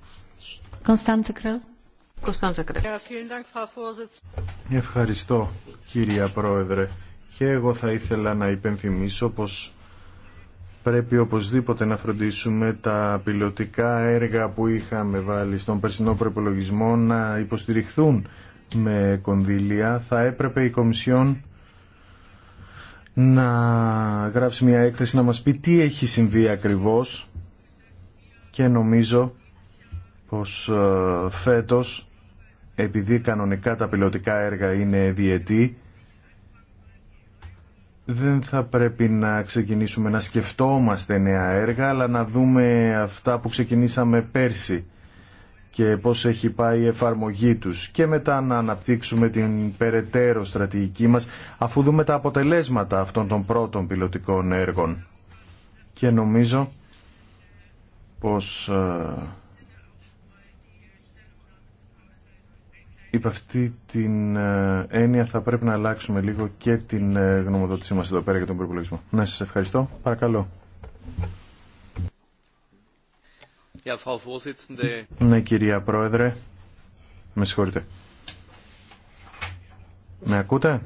Ε, Ευχαριστώ, κυρία Πρόεδρε. Και εγώ θα ήθελα να υπενθυμίσω πως πρέπει οπωσδήποτε να φροντίσουμε τα πιλωτικά έργα που είχαμε βάλει στον περσινό προπολογισμό να υποστηριχθούν με κονδύλια. Θα έπρεπε η Κομισιόν να γράψει μια έκθεση να μας πει τι έχει συμβεί ακριβώς και νομίζω πως ε, φέτος επειδή κανονικά τα πιλωτικά έργα είναι διετή δεν θα πρέπει να ξεκινήσουμε να σκεφτόμαστε νέα έργα, αλλά να δούμε αυτά που ξεκινήσαμε πέρσι και πώς έχει πάει η εφαρμογή τους και μετά να αναπτύξουμε την περαιτέρω στρατηγική μας αφού δούμε τα αποτελέσματα αυτών των πρώτων πιλωτικών έργων. Και νομίζω πως ε, υπ' αυτή την ε, έννοια θα πρέπει να αλλάξουμε λίγο και την ε, γνωμοδότησή μας εδώ πέρα για τον προπολογισμό. Να σας ευχαριστώ. Παρακαλώ. Ναι, κυρία Πρόεδρε. Με συγχωρείτε. Με ακούτε?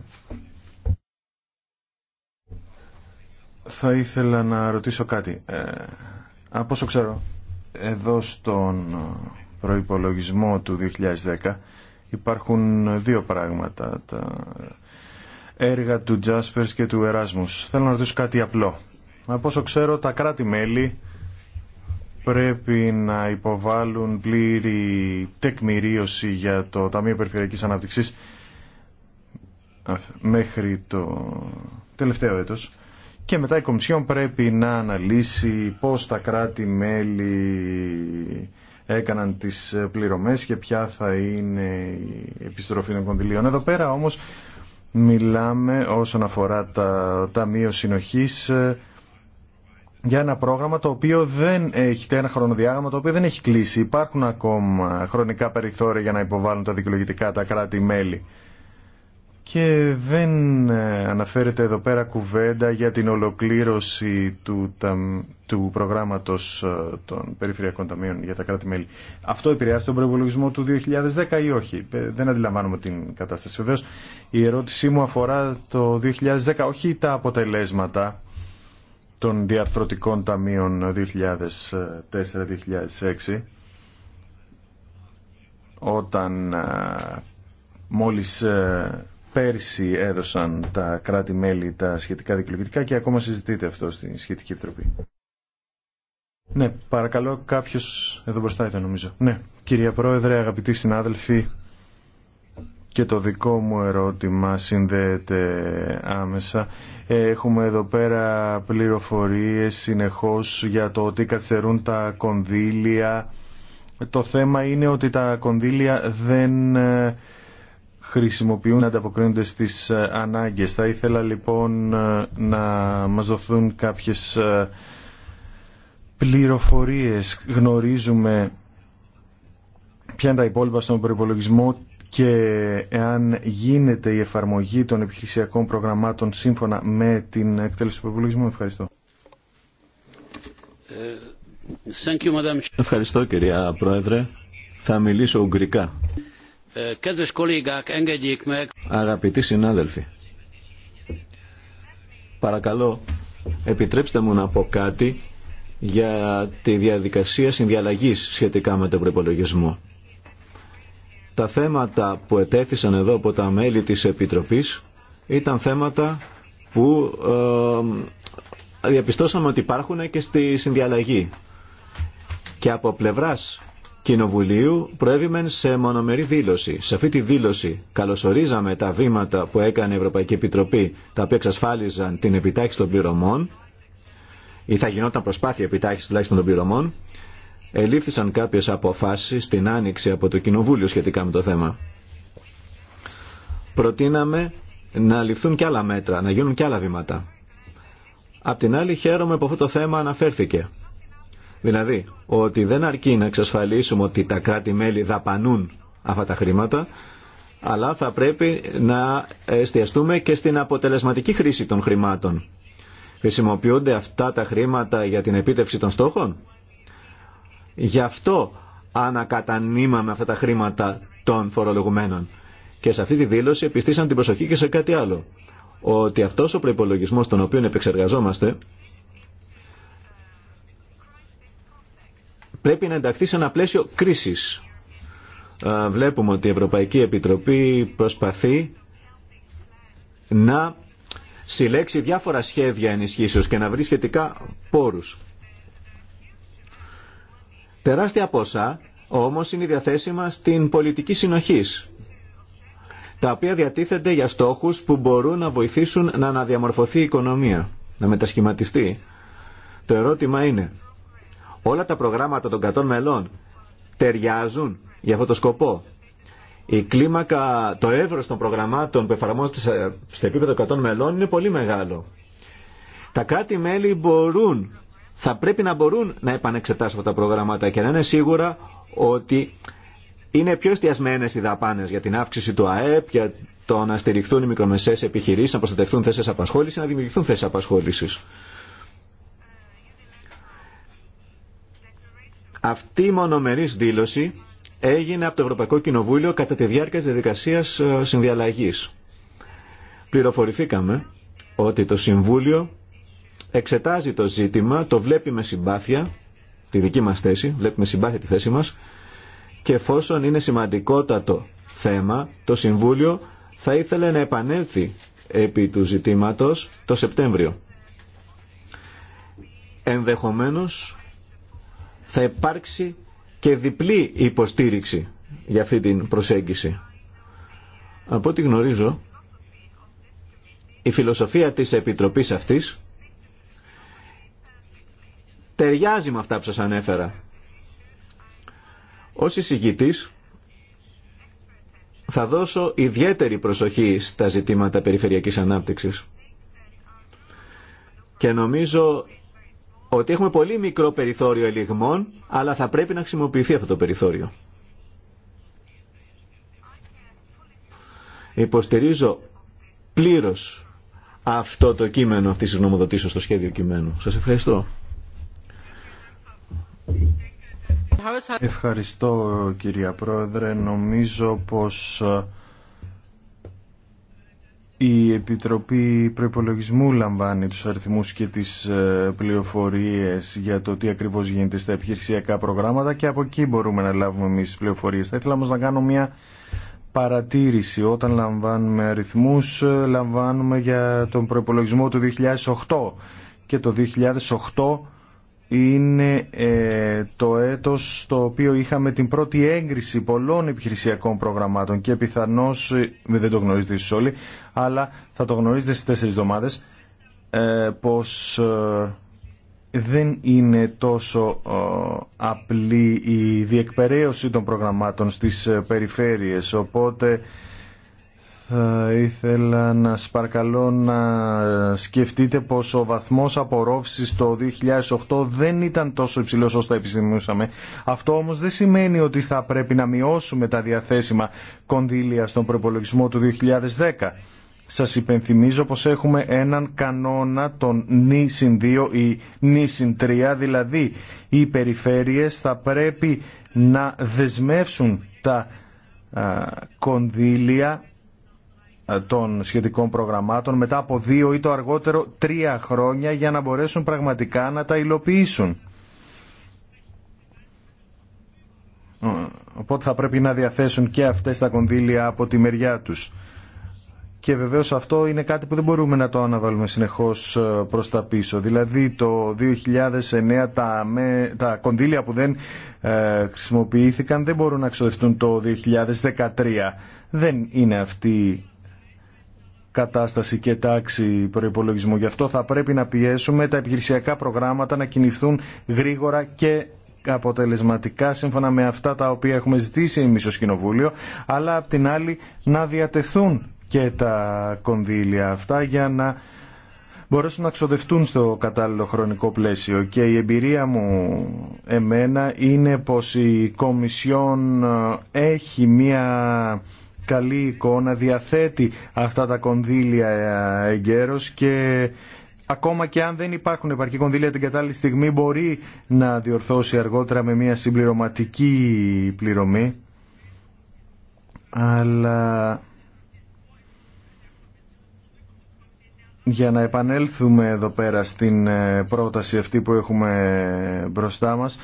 Θα ήθελα να ρωτήσω κάτι. Ε, από όσο ξέρω, εδώ στον ε, προϋπολογισμό του 2010 υπάρχουν δύο πράγματα. Τα έργα του Τζάσπερς και του Εράσμους. Θέλω να ρωτήσω κάτι απλό. Από όσο ξέρω τα κράτη-μέλη πρέπει να υποβάλουν πλήρη τεκμηρίωση για το Ταμείο Περιφερειακής Ανάπτυξης μέχρι το τελευταίο έτος και μετά η Κομισιόν πρέπει να αναλύσει πώς τα κράτη-μέλη έκαναν τις ε, πληρωμές και ποια θα είναι η επιστροφή των κονδυλίων. Εδώ πέρα όμως μιλάμε όσον αφορά τα Ταμείο Συνοχής ε, για ένα πρόγραμμα το οποίο δεν έχει ένα χρονοδιάγραμμα το οποίο δεν έχει κλείσει. Υπάρχουν ακόμα χρονικά περιθώρια για να υποβάλουν τα δικαιολογητικά τα κράτη-μέλη και δεν ε, αναφέρεται εδώ πέρα κουβέντα για την ολοκλήρωση του, του προγράμματος ε, των περιφερειακών ταμείων για τα κράτη-μέλη. Αυτό επηρεάζει τον προπολογισμό του 2010 ή όχι. Ε, δεν αντιλαμβάνομαι την κατάσταση. Βεβαίω, η ερώτησή μου αφορά το 2010, όχι τα αποτελέσματα των διαρθρωτικών ταμείων 2004-2006 όταν μόλις πέρσι έδωσαν τα κράτη-μέλη τα σχετικά δικαιολογητικά και ακόμα συζητείται αυτό στη σχετική επιτροπή. Ναι, παρακαλώ κάποιος εδώ μπροστά ήταν νομίζω. Ναι, κυρία Πρόεδρε, αγαπητοί συνάδελφοι, και το δικό μου ερώτημα συνδέεται άμεσα. Έχουμε εδώ πέρα πληροφορίες συνεχώς για το ότι καθυστερούν τα κονδύλια. Το θέμα είναι ότι τα κονδύλια δεν ε, χρησιμοποιούν ανταποκρίνονται στις ε, ανάγκες. Θα ήθελα λοιπόν ε, να μας δοθούν κάποιες ε, πληροφορίες. Γνωρίζουμε ποια είναι τα υπόλοιπα στον προπολογισμό και εάν γίνεται η εφαρμογή των επιχειρησιακών προγραμμάτων σύμφωνα με την εκτέλεση του προπολογισμού. Ευχαριστώ. Ευχαριστώ κυρία Πρόεδρε. Θα μιλήσω ουγγρικά. Αγαπητοί συνάδελφοι, παρακαλώ επιτρέψτε μου να πω κάτι για τη διαδικασία συνδιαλλαγής σχετικά με τον προπολογισμό. Τα θέματα που ετέθησαν εδώ από τα μέλη της Επιτροπής ήταν θέματα που ε, διαπιστώσαμε ότι υπάρχουν και στη συνδιαλλαγή. Και από πλευράς Κοινοβουλίου προέβημεν σε μονομερή δήλωση. Σε αυτή τη δήλωση καλωσορίζαμε τα βήματα που έκανε η Ευρωπαϊκή Επιτροπή, τα οποία εξασφάλιζαν την επιτάχυση των πληρωμών, ή θα γινόταν προσπάθεια επιτάχυση τουλάχιστον των πληρωμών. Ελήφθησαν κάποιε αποφάσει στην άνοιξη από το Κοινοβούλιο σχετικά με το θέμα. Προτείναμε να ληφθούν και άλλα μέτρα, να γίνουν και άλλα βήματα. Απ' την άλλη χαίρομαι που αυτό το θέμα αναφέρθηκε Δηλαδή ότι δεν αρκεί να εξασφαλίσουμε ότι τα κράτη-μέλη δαπανούν αυτά τα χρήματα, αλλά θα πρέπει να εστιαστούμε και στην αποτελεσματική χρήση των χρημάτων. Χρησιμοποιούνται αυτά τα χρήματα για την επίτευξη των στόχων. Γι' αυτό ανακατανύμαμε αυτά τα χρήματα των φορολογουμένων. Και σε αυτή τη δήλωση επιστήσαν την προσοχή και σε κάτι άλλο. Ότι αυτός ο προπολογισμό τον οποίο επεξεργαζόμαστε πρέπει να ενταχθεί σε ένα πλαίσιο κρίσης. Βλέπουμε ότι η Ευρωπαϊκή Επιτροπή προσπαθεί να συλλέξει διάφορα σχέδια ενισχύσεως και να βρει σχετικά πόρους. Τεράστια ποσά όμως είναι διαθέσιμα στην πολιτική συνοχής, τα οποία διατίθενται για στόχους που μπορούν να βοηθήσουν να αναδιαμορφωθεί η οικονομία, να μετασχηματιστεί. Το ερώτημα είναι, όλα τα προγράμματα των 100 μελών ταιριάζουν για αυτό το σκοπό. Η κλίμακα, το εύρος των προγραμμάτων που εφαρμόζεται στο επίπεδο 100 μελών είναι πολύ μεγάλο. Τα κράτη-μέλη μπορούν, θα πρέπει να μπορούν να επανεξετάσουν τα προγραμμάτα και να είναι σίγουρα ότι είναι πιο εστιασμένε οι δαπάνε για την αύξηση του ΑΕΠ, για το να στηριχθούν οι μικρομεσαίε επιχειρήσει, να προστατευτούν θέσει απασχόληση, να δημιουργηθούν θέσει απασχόληση. Αυτή η μονομερής δήλωση έγινε από το Ευρωπαϊκό Κοινοβούλιο κατά τη διάρκεια τη διαδικασίας ε, συνδιαλλαγής. Πληροφορηθήκαμε ότι το Συμβούλιο εξετάζει το ζήτημα, το βλέπει με συμπάθεια, τη δική μας θέση, βλέπει με συμπάθεια τη θέση μας και εφόσον είναι σημαντικότατο θέμα, το Συμβούλιο θα ήθελε να επανέλθει επί του ζητήματος το Σεπτέμβριο. Ενδεχομένως θα υπάρξει και διπλή υποστήριξη για αυτή την προσέγγιση. Από ό,τι γνωρίζω, η φιλοσοφία της Επιτροπής αυτής ταιριάζει με αυτά που σας ανέφερα. Ως εισηγητής θα δώσω ιδιαίτερη προσοχή στα ζητήματα περιφερειακής ανάπτυξης. Και νομίζω ότι έχουμε πολύ μικρό περιθώριο ελιγμών, αλλά θα πρέπει να χρησιμοποιηθεί αυτό το περιθώριο. Υποστηρίζω πλήρως αυτό το κείμενο αυτής τη νομοδοτήσεως, στο σχέδιο κειμένου. Σας ευχαριστώ. Ευχαριστώ κυρία Πρόεδρε. Νομίζω πως ε, η Επιτροπή Προϋπολογισμού λαμβάνει τους αριθμούς και τις ε, πληροφορίες για το τι ακριβώς γίνεται στα επιχειρησιακά προγράμματα και από εκεί μπορούμε να λάβουμε εμείς τις πληροφορίες. Θα ήθελα όμως να κάνω μια παρατήρηση. Όταν λαμβάνουμε αριθμούς, ε, λαμβάνουμε για τον προϋπολογισμό του 2008 και το 2008 είναι ε, το έτος στο οποίο είχαμε την πρώτη έγκριση πολλών επιχειρησιακών προγραμμάτων και πιθανώς, ε, δεν το γνωρίζετε εσείς όλοι, αλλά θα το γνωρίζετε στις τέσσερις εβδομάδες, ε, πως ε, δεν είναι τόσο απλή η διεκπαιρέωση των προγραμμάτων στις περιφέρειες, οπότε θα ήθελα να σας παρακαλώ να σκεφτείτε πως ο βαθμός απορρόφησης το 2008 δεν ήταν τόσο υψηλός όσο τα επιστημούσαμε. Αυτό όμως δεν σημαίνει ότι θα πρέπει να μειώσουμε τα διαθέσιμα κονδύλια στον προπολογισμό του 2010. Σας υπενθυμίζω πως έχουμε έναν κανόνα των νη συν 2 ή νη συν 3, δηλαδή οι περιφέρειες θα πρέπει να δεσμεύσουν τα κονδύλια ε, των σχετικών προγραμμάτων μετά από δύο ή το αργότερο τρία χρόνια για να μπορέσουν πραγματικά να τα υλοποιήσουν. Ε, οπότε θα πρέπει να διαθέσουν και αυτές τα κονδύλια από τη μεριά τους. Και βεβαίως αυτό είναι κάτι που δεν μπορούμε να το αναβάλουμε συνεχώς ε, προς τα πίσω. Δηλαδή το 2009 τα, τα κονδύλια που δεν ε, χρησιμοποιήθηκαν δεν μπορούν να εξοδευτούν το 2013. Δεν είναι αυτή κατάσταση και τάξη προπολογισμού. Γι' αυτό θα πρέπει να πιέσουμε τα επιχειρησιακά προγράμματα να κινηθούν γρήγορα και αποτελεσματικά σύμφωνα με αυτά τα οποία έχουμε ζητήσει εμείς ως Κοινοβούλιο, αλλά απ' την άλλη να διατεθούν και τα κονδύλια αυτά για να μπορέσουν να ξοδευτούν στο κατάλληλο χρονικό πλαίσιο. Και η εμπειρία μου εμένα είναι πως η Κομισιόν ε, έχει μία καλή εικόνα, διαθέτει αυτά τα κονδύλια ε, εγκαίρως και ακόμα και αν δεν υπάρχουν επαρκή κονδύλια την κατάλληλη στιγμή μπορεί να διορθώσει αργότερα με μια συμπληρωματική πληρωμή. Αλλά για να επανέλθουμε εδώ πέρα στην ε, πρόταση αυτή που έχουμε μπροστά μας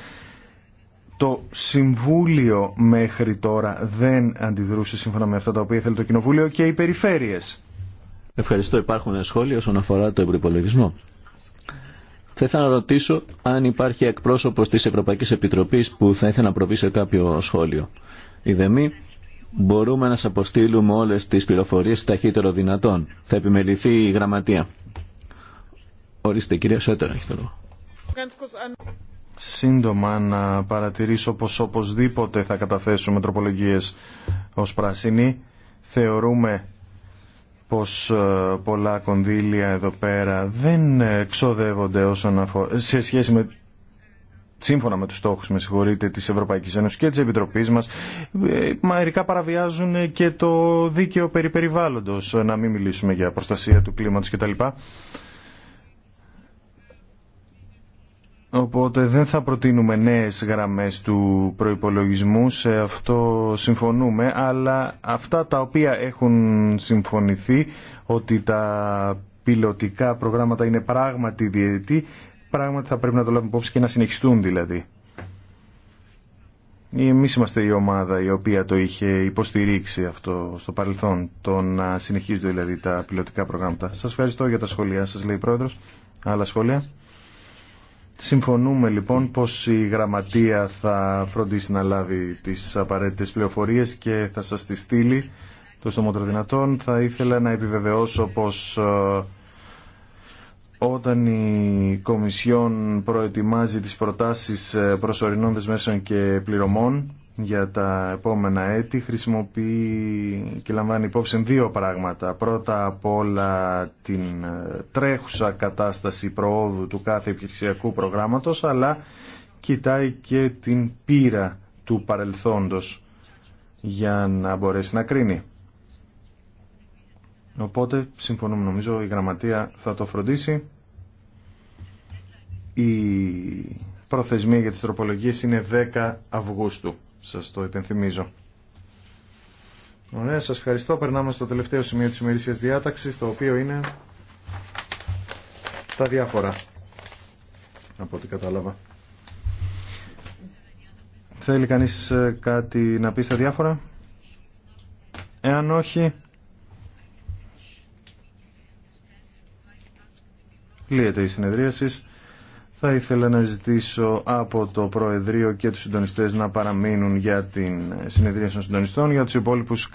το Συμβούλιο μέχρι τώρα δεν αντιδρούσε σύμφωνα με αυτά τα οποία ήθελε το Κοινοβούλιο και οι περιφέρειες. Ευχαριστώ. Υπάρχουν σχόλια όσον αφορά το ευρωπολογισμό. Θα ήθελα να ρωτήσω αν υπάρχει εκπρόσωπο τη Ευρωπαϊκή Επιτροπή που θα ήθελε να προβεί σε κάποιο σχόλιο. Ιδεμή, μπορούμε να σα αποστείλουμε όλε τι πληροφορίε ταχύτερο δυνατόν. Θα επιμεληθεί η γραμματεία. Ορίστε, κυρία Σέτερ, έχει το λόγο σύντομα να παρατηρήσω πως οπωσδήποτε θα καταθέσουμε τροπολογίες ως πράσινοι. Θεωρούμε πως ε, πολλά κονδύλια εδώ πέρα δεν ε, ξοδεύονται όσον σε σχέση με σύμφωνα με τους στόχους, με της Ευρωπαϊκής Ένωσης και της Επιτροπής μας, ε, μερικά παραβιάζουν και το δίκαιο περί να μην μιλήσουμε για προστασία του κλίματος κτλ. Οπότε δεν θα προτείνουμε νέες γραμμές του προϋπολογισμού, σε αυτό συμφωνούμε, αλλά αυτά τα οποία έχουν συμφωνηθεί ότι τα πιλωτικά προγράμματα είναι πράγματι διαιτητή, πράγματι θα πρέπει να το λάβουμε υπόψη και να συνεχιστούν δηλαδή. Εμείς είμαστε η ομάδα η οποία το είχε υποστηρίξει αυτό στο παρελθόν, το να συνεχίζονται δηλαδή τα πιλωτικά προγράμματα. Σας ευχαριστώ για τα σχόλιά σας, λέει η Πρόεδρος. Άλλα σχόλια. Συμφωνούμε λοιπόν πως η γραμματεία θα φροντίσει να λάβει τις απαραίτητες πληροφορίες και θα σας τις στείλει το των δυνατόν. Θα ήθελα να επιβεβαιώσω πως ε, όταν η Κομισιόν προετοιμάζει τις προτάσεις ε, προσωρινών δεσμεύσεων και πληρωμών για τα επόμενα έτη χρησιμοποιεί και λαμβάνει υπόψη δύο πράγματα. Πρώτα απ' όλα την ε, τρέχουσα κατάσταση προόδου του κάθε επιχειρησιακού προγράμματος αλλά κοιτάει και την πείρα του παρελθόντος για να μπορέσει να κρίνει. Οπότε συμφωνούμε νομίζω η γραμματεία θα το φροντίσει. Η προθεσμία για τις τροπολογίες είναι 10 Αυγούστου. Σας το υπενθυμίζω. Ωραία, σας ευχαριστώ. Περνάμε στο τελευταίο σημείο της ημερήσιας διάταξης, το οποίο είναι τα διάφορα, από ό,τι κατάλαβα. Θέλει κανείς ε, κάτι να πει στα διάφορα? Εάν όχι, λύεται η συνεδρίαση. Θα ήθελα να ζητήσω από το Προεδρείο και τους συντονιστές να παραμείνουν για την συνεδρία των συντονιστών, για τους υπόλοιπους